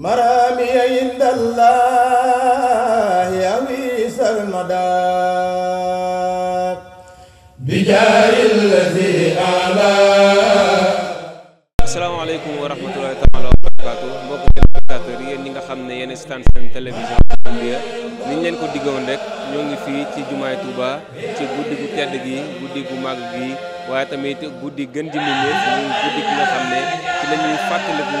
مرامي عند الله أويس المدى بجاه الذي أعلى السلام عليكم ورحمة الله تعالى وبركاته mbokk téléspectateurs yéen ñi nga xam ne yéen stan seen télévision Gambia ni leen ko diggoon rek ñoo ngi fii ci jumaay Touba ci guddi gu tedd gi guddi gu màgg gi waaye tamit guddi gën ji mu ñëw guddi gi nga xam ne ci la ñuy fàttaliku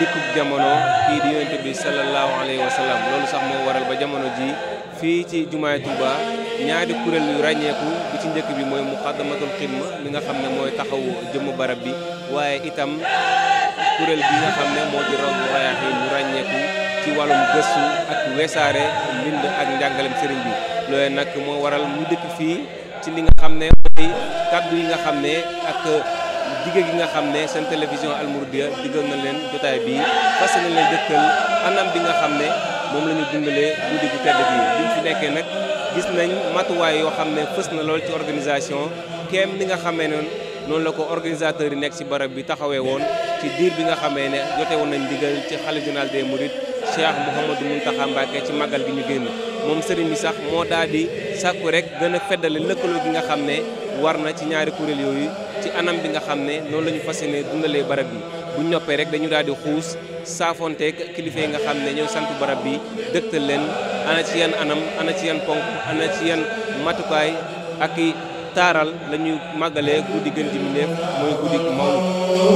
dikkub jamono kii di yonent bi sallallahu alayhi wa loolu sax moo waral ba jamono ji fii ci jumaay Touba ñaari kuréel yu ràññeeku ci njëkk bi mooy muqaddamatul xidma mi nga xam ne mooy taxawu jëmmu barab bi waaye itam kuréel bi nga xam ne moo di romb rayaat yi ràññeeku ci wàllum gëstu ak wesaare mbind ak njàngalem sëriñ bi loolee nag moo waral mu dëkk fii ci li nga xam ne mooy kàddu yi nga xam ne ak jigéen gi nga xam ne seen télévision almouridiya diggal na leen jotaay bii fas na leen dëkkal anam bi nga xam ne moom la ñu dundalee guddi gu bii bi fi nekkee nag gis nañ matuwaay yoo xam ne fës na lool ci organisation keem ni nga xamee noonu noonu la ko organisateurs yi nekk ci barab bi taxawee woon ci diir bi nga xamee ne jote woon nañ diggal ci xale xalifa général des mourides Cheikh Mouhamadou Mountakha Mbacké ci màggal gi ñu génn moom sëriñ bi sax moo daal di sàkku rek gën a feddale lëkkaloo gi nga xam ne war na ci ñaari kuréel yooyu ci anam bi nga xam ne noonu la ñu fas yéene dundalee barab bi bu ñu noppee dañu daal di xuus saafonteeg kilifa nga xam ne ñoo sant barab bi dëgtal leen ana ci yan anam ana ci yan ponk ana ci yan matukaay ak i taaral la ñuy màggalee guddi gën ji mu neef mooy guddi Mawlid.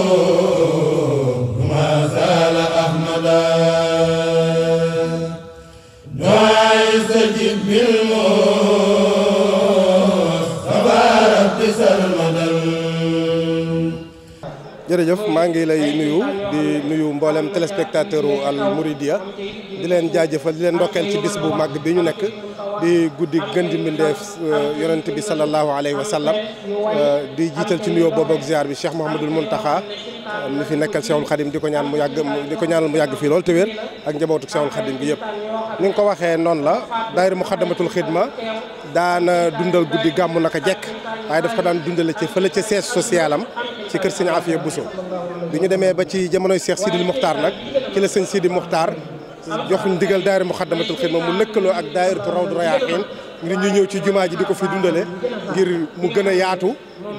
jërëjëf maa ngi lay nuyu di nuyu mboolem téléspectateur u Al Mouridiyyah di leen jaajëfal di leen ndokkeel ci bis bu màgg bi ñu nekk di guddi gën di mbindeef euh, yonent bi sallallahu alayhi wa sallam euh, di jiital ci nuyoo boobu ak ziar bi Cheikh Mouhamadul Mountakha euh, mi fi nekkal Cheikhul Khadim di ko ñaan mu yàgg di ko ñaanal mu yàgg fii loolu te wér ak njabootu Cheikhul Khadim bi yëpp. ni nga ko waxee noonu la daayira Muxaddamatul Xidma daana dundal guddi gàmmu naka jekk waaye daf ko daan dundale ci fële ca siège social am ci kër sëñ Afia Bousso bi ñu demee ba ci jamonoy Cheikh Sidil Muxtaar nag ci la sëñ Sidil Muxtaar jox ñu digal daayira Muxaddamatul Xidma mu lëkkaloo ak daayiratu Rawdu Rayaaxiin ngir ñu ñëw ci jumaa ji di ko fi dundale ngir mu gën a yaatu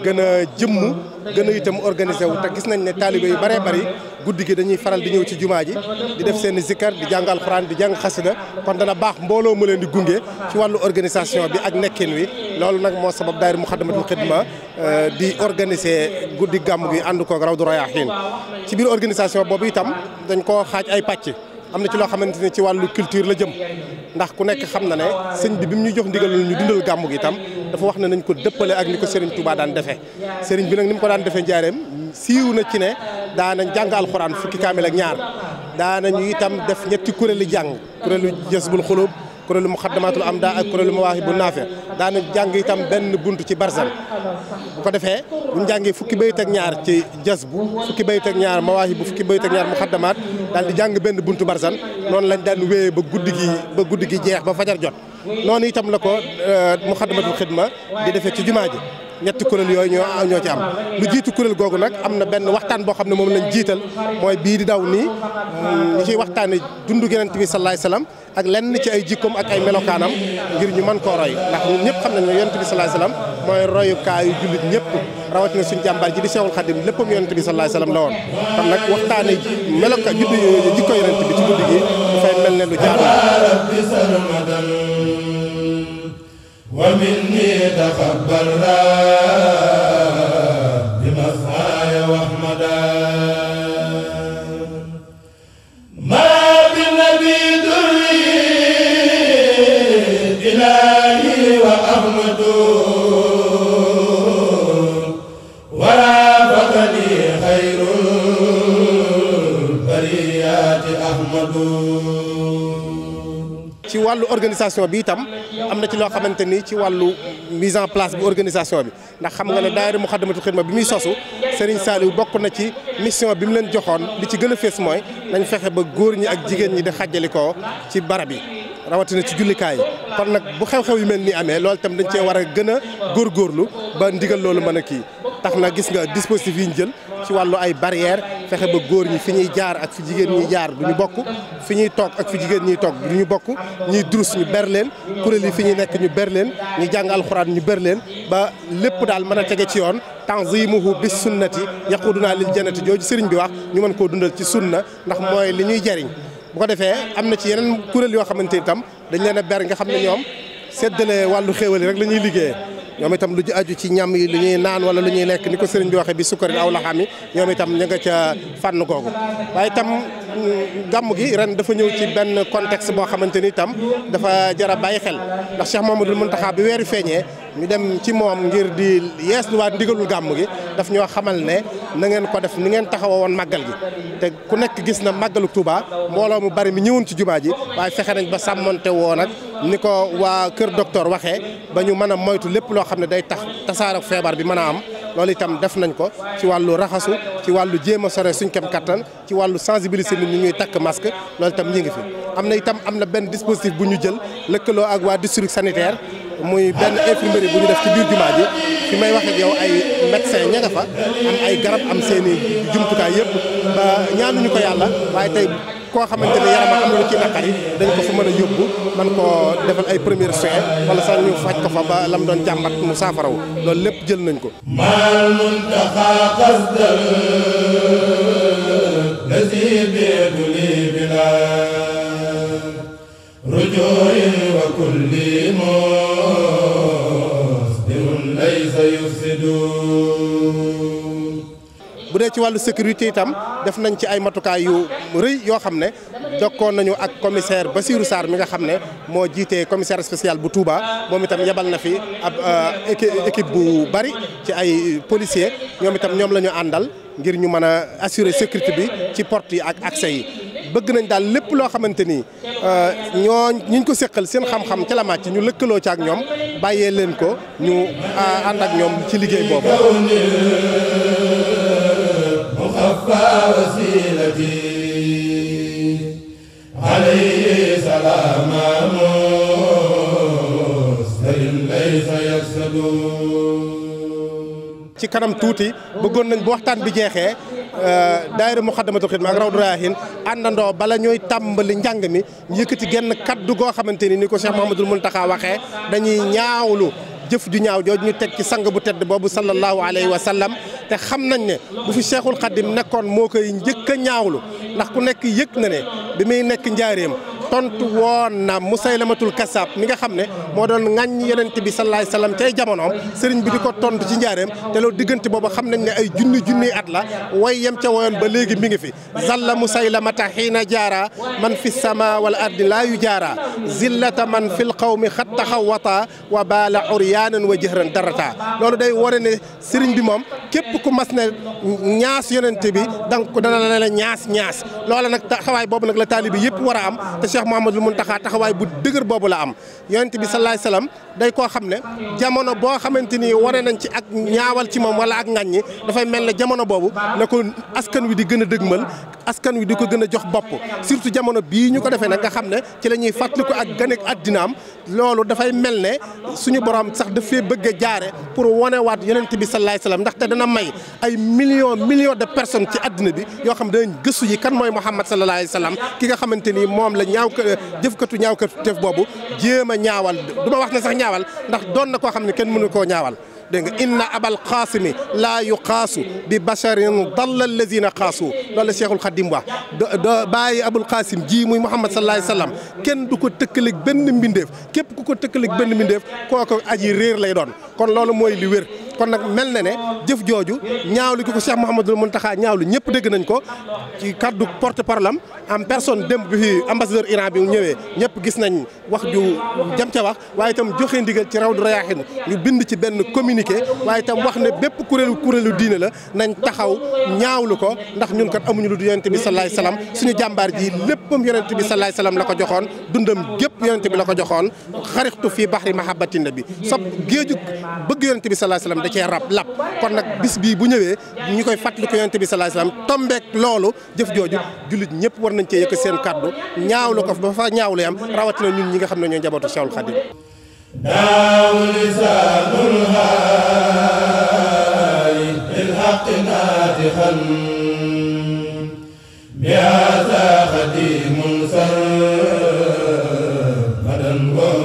gën a jëmm gën a itam organisé wu te gis nañ ne taalibe yu bëree bëri guddi gi dañuy faral di ñëw ci jumaa ji di def seen zikkar di jàng alxuraan di jàng xasida kon dana baax mbooloo mu leen di gunge ci wàllu organisation bi ak nekkin wi loolu nag moo sabab daayira Muxaddamatul Xidma euh, di organiser guddi gàmm gi ànd koog Rawdu Rayaahiin ci biir organisation boobu itam dañ koo xaaj ay pàcc am na ci loo xamante ni ci wàllu culture la jëm ndax ku nekk xam na ne sëñ bi bi mu dafa wax ne nañ ko dëppale ak ni ko Serigne Touba daan defee Serigne bi nag ni mu ko daan defee njaareem siiw na ci ne daanañ jàng alxuraan fukki kaamil ak ñaar ñu itam def ñetti kuréelu jàng kuréelu jës xulub kuréelu mu xaddamaatul am daa ak kuréelu mu waaxi bu naafe daana jàng itam benn bunt ci barzan bu ko defee bu fukki bayit ak ñaar ci jas bu fukki bayit ak ñaar ma waaxi bu fukki bayit ak ñaar mu xaddamaat daal di jàng benn buntu barzan noonu lañ daan wéyee ba guddi gi ba guddi gi jeex ba fajar jot noonu itam la ko euh, mu xaddamaatul xidma di defee ci jumaa ji ñetti kuréel yooyu ñoo ñoo ci am lu jiitu kuréel googu nag am na benn waxtaan boo xam ne moom lañ jiital mooy bii di daw nii ñu waxtaan waxtaane dundu Yonent bi salaay salaam ak lenn ci ay jikkoom ak ay melokaanam ngir ñu mën koo roy ndax ñun ñëpp xam nañ ne Yonent bi salaay salaam mooy royukaayu jullit ñëpp na suñu jàmbaar ji di Seexul Xadim léppam Yonent bi salaay salaam la woon xam nag waxtaane meloka juddu jikko Yonent bi ci guddi gi dafay mel ne lu ومني تقبل organisation bi itam am na ci loo xamante ni ci wàllu mise en place bu organisation bi ndax xam nga ne daayira Muxaddamatul Xidma bi muy sosu Serigne Saliou bokk na ci mission bi mu leen joxoon li ci gën a fees mooy nañ fexe ba góor ñi ak jigéen ñi di xàjjali ko ci barab yi rawatina ci jullikaay yi kon nag bu xew-xew yu mel ni amee loolu itam dañ cee war a gën a góorgóorlu ba ndigal loolu mën a kii tax na gis nga dispositif yi ñu jël ci wàllu ay barrière fexe ba góor ñi fi ñuy jaar ak fi jigéen ñi jaar du ñu bokk fi ñuy toog ak fi jigéen ñiy toog du ñu bokk ñuy drus ñu ber leen kuréel yi fi ñuy nekk ñu ber leen ñu jàng alxuraan ñu ber leen ba lépp daal mën a tege ci yoon yi tanzimuhu bis sunnati yaquduna lil jannati jooju sëriñ bi wax ñu mën koo dundal ci sunna ndax mooy li ñuy jariñ bu ko defee am na ci yeneen kuréel yoo xamante ni tam dañ leen a nga xam ne ñoom séddale wàllu xéewal yi rek la ñuy liggéeyee ñoom itam lu aju ci ñam yi lu ñuy naan wala lu ñuy lekk ni ko sëriñ bi waxee bi sukkarin aw laxaam yi ñoom itam ñu nga ca fànn googu waaye itam mm, gàmm gi ren dafa ñëw ci benn contexte boo xamante ni itam dafa jar bàyyi xel ndax Cheikh Mamadou Mountakha bi weeri feeñee ñu dem ci moom ngir di yees lu waat ndigalul gàmm gi daf ñoo xamal ne na ngeen ko def ni ngeen taxawa woon màggal gi te ku nekk gis na màggalu Touba mbooloo mu bari mi ñëwoon ci jumaa ji waaye fexe nañ ba sàmmonte woo nag ni ko waa kër docteur waxee ba ñu mën a moytu lépp loo xam ne day tax tasaare feebar bi mën a am loolu itam def nañ ko ci wàllu raxasu ci wàllu jéem a sore suñ kem kattan ci wàllu sensibiliser nit ñi ñuy takk masque loolu itam ñu ngi fi am na itam am na benn dispositif bu ñu jël lëkkaloo ak waa district sanitaire muy benn infirmerie bu ñu def ci biir jumaa ji fi may wax ak yow ay médecin ña nga fa am ay garab am seeni jumtukaay yëpp ba ñaanuñu ko yàlla waaye tey koo xamante ne yaram am na lu ci naqari dañ ko fa mën a yóbbu man koo defal ay premiers soins wala sax ñu faj ko fa ba lam doon jàmbat mu saafaraw loolu lépp jël nañ ko. ci wàllu sécurité itam def nañ ci ay matukaay yu rëy yoo xam ne jokkoon nañu ak commissaire Bassirou Sarr mi nga xam ne moo jiitee commissaire spécial bu Touba moom itam yebal na fi ab euh, équipe bu bari ci ay policiers ñoom itam ñoom la àndal ngir ñu mën a assurer sécurité bi ci porte yi ak accès yi bëgg nañ daal lépp loo xamante ni euh, ñoo ñu ko seqal seen xam-xam ca la màcc ñu lëkkaloo ci ak ñoom bàyyee leen ko ñu euh, ànd ak ñoom ci liggéey boobu. وأبقى وسيلتي عليه سلام مسلم ليس ci kanam tuuti bëggoon nañ bu waxtaan bi jeexee euh, daayira Muxaddamatul Xidma ak Rawdu Rayaahiin àndandoo bala ñooy tàmbali njàng mi yëkkati genn kaddu goo xamante ni ni ko Cheikh Mouhamadoul Mountakha waxee dañuy ñaawlu jëf ju ñaaw jooju ñu teg ci sang bu tedd boobu sallallahu alayhi wa sallam te xam nañ ne bu fi Cheikhul Khadim nekkoon moo koy njëkk a ñaawlu ndax ku nekk yëg na ne bi muy nekk njaareem tontu woon na Musaylamatul Kassab mi nga xam ne moo doon ŋàññ yonent bi salaay salaam cay jamonoom sëriñ bi di ko tontu ci njaareem te loolu diggante boobu xam nañ ne ay junni junni at la way yem ca woyoon ba léegi mi ngi fi zalla Musaylamata xiina jaara man fi sama wala ardi laa yu jaara zillata man fil qawmi xat taxawata wa baala uryaanan wa jëhran darata loolu day wone ne sëriñ bi moom képp ku mas ne ñaas yonente bi danga ko dana la ne ñaas ñaas loola nag taxawaay boobu nag la taalibi yëpp war a am te Cheikh mun Mountakha taxawaay bu dëgër boobu la am yonente bi salaay salaam day koo xam ne jamono boo xamante ni wane nañ ci ak ñaawal ci moom wala ak ŋàññi dafay mel ne jamono boobu na ko askan wi di gën a dëgmal askan wi di ko gën a jox bopp surtout jamono bii ñu ko defee nag nga xam ne ci la ñuy fàttaliku ak ganek am loolu dafay mel ne suñu borom sax daf fee bëgg a jaare pour wane waat yonent bi salaay ndax ndaxte dana may ay millions millions de personne ci àddina bi yoo xam danañ gëstu yi kan mooy Muhammad salaay salaam ki nga xamante ni moom la ñaaw jëfkatu ñaawkatu tef boobu jéem a ñaawal du wax ne sax ñaawal ndax doon na koo xam ne kenn mënu koo ñaawal. dégg nga inna abal xaasimi laa kaasu xaasu bi basharin dalla allazina xaasu loolu la Cheikhul Khadim wax da bàyyi abul kaasim jii muy Muhammad sallallahu alayhi wasallam kenn du ko tëkkaleeg benn mbindeef képp ku ko tëkkaleeg benn mbindeef kooku aji réer lay doon kon loolu mooy li wér kon nag mel na ne jëf jooju ñaawlu gi ko Cheikh Mouhamadul ñaaw lu ñëpp dégg nañ ko ci kaddu porte parole am en personne démb bi fi ambassadeur Iran bi mu ñëwee ñëpp gis nañ wax ju jam ca wax waaye itam joxe ndigal ci Rawdu Rayaahin ñu bind ci benn communiqué waaye itam wax ne bépp kuréelu kuréelu diine la nañ taxaw lu ko ndax ñun kat amuñu lu du yonente bi salaay salaam suñu jàmbaar ji léppam yonente bi salaay salaam la ko joxoon dundam gépp yonente bi la ko joxoon xarixtu fii baxri mahabbatin nabi sopp géeju bëgg yonente bi salaay salaam da cee rab lab kon nag bis bii bu ñëwee ñu koy fàttali ko yonent bi sallallahu alayhi wasallam tombeek loolu jëf jooju jullit ñëpp war nañ cee yëkk seen kàddu ñaawlu ko ba fa ñaawlu yam rawatina ñun ñi nga xam ne ñoo njabootu Cheikhul Khadim يا ذا خديم سرمدا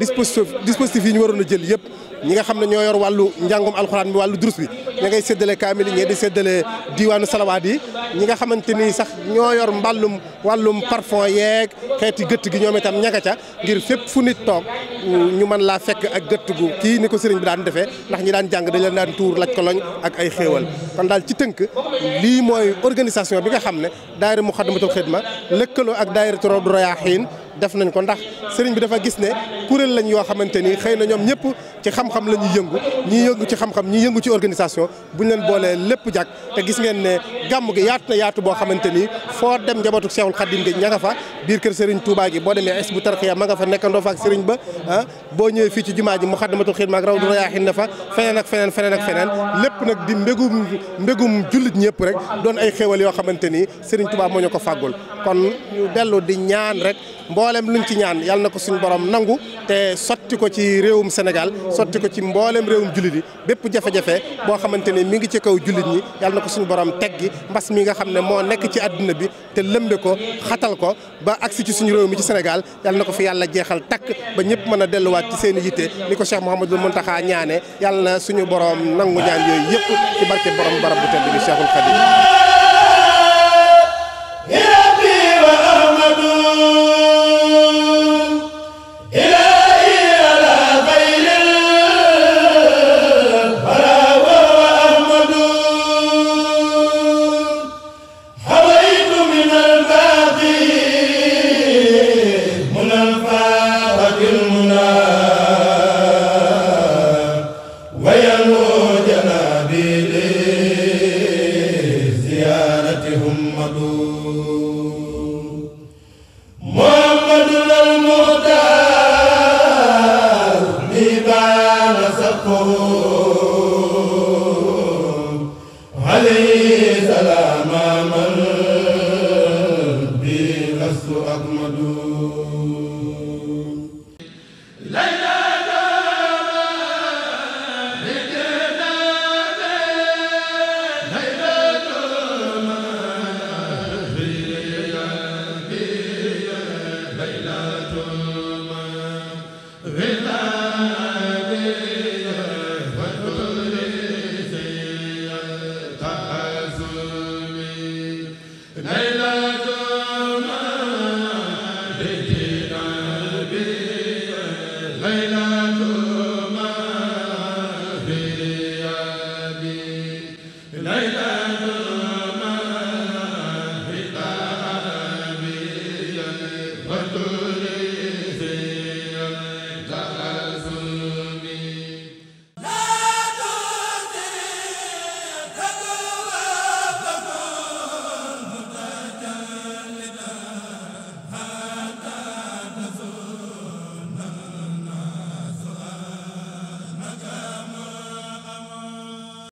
dispositif dispositif yi ñu waroon a jël yëpp ñi nga xam ne ñoo yor wàllu njàngum alxuraan bi wàllu durus bi ña ngay séddale kaamil yi ñee di séddale diwaanu salawaat yi ñi nga xamante ni sax ñoo yor mbàllum wàllum parfum yeeg xeeti gëtt gi ñoom itam ñaga ca ngir fépp fu nit toog ñu mën laa fekk ak gëtt gu kii ni ko sëriñ bi daan defee ndax ñi daan jàng dañ leen daan tuur laj koloñ ak ay xéewal kon daal ci tënk lii mooy organisation bi nga xam ne daayira Muxaddamatul Xidma lëkkaloo ak daayira Rawdu Rayaahiin def nañ ko ndax sëriñ bi dafa gis ne kuréel lañ yoo xamante ni xëy na ñoom ñëpp ci xam-xam la ñuy yëngu ñiy yëngu ci xam-xam ñiy yëngu ci organisation buñ leen boolee lépp jàkk te gis ngeen ne gàmm gi yaatu na yaatu boo xamante ni foo dem njabootu Seexul Xaddim gi ña nga fa biir kër sëriñ Touba gi boo demee Hizbut Tarqiyyah ma nga fa nekkandoo fa ak sëriñ ah, boo ñëwee fii ci jumaa ji Muxaddamatul Xidma ak Rawdu Rayaahin na fa feneen ak feneen feneen ak feneen lépp nag di mbégum mbégum jullit ñëpp rek doon ay xéewal yoo xamante ni sëriñ Touba moo ñu ko fàggul kon ñu di ñaan rek mboolem luñ ci ñaan yàlla na ko suñu borom nangu te sotti ko ci réewum Sénégal sotti ko ci mboolem réewum jullit yi bépp jafe boo xamante ne mi ngi ci kaw jullit ñi yàlla na ko suñu borom teggi mbas mi nga xam ne moo nekk ci àdduna bi te lëmbe ko xatal ko ba agsi ci suñu réew mi ci Sénégal yàlla na ko fi yàlla jeexal takk ba ñëpp mën a delluwaat ci seen i yitte ni ko Cheikh Mouhamadul Mountakha ñaane yàlla na suñu borom nangu ñaan yooyu yëpp ci barke borom barab bu tedd bi Cheikhul Khadim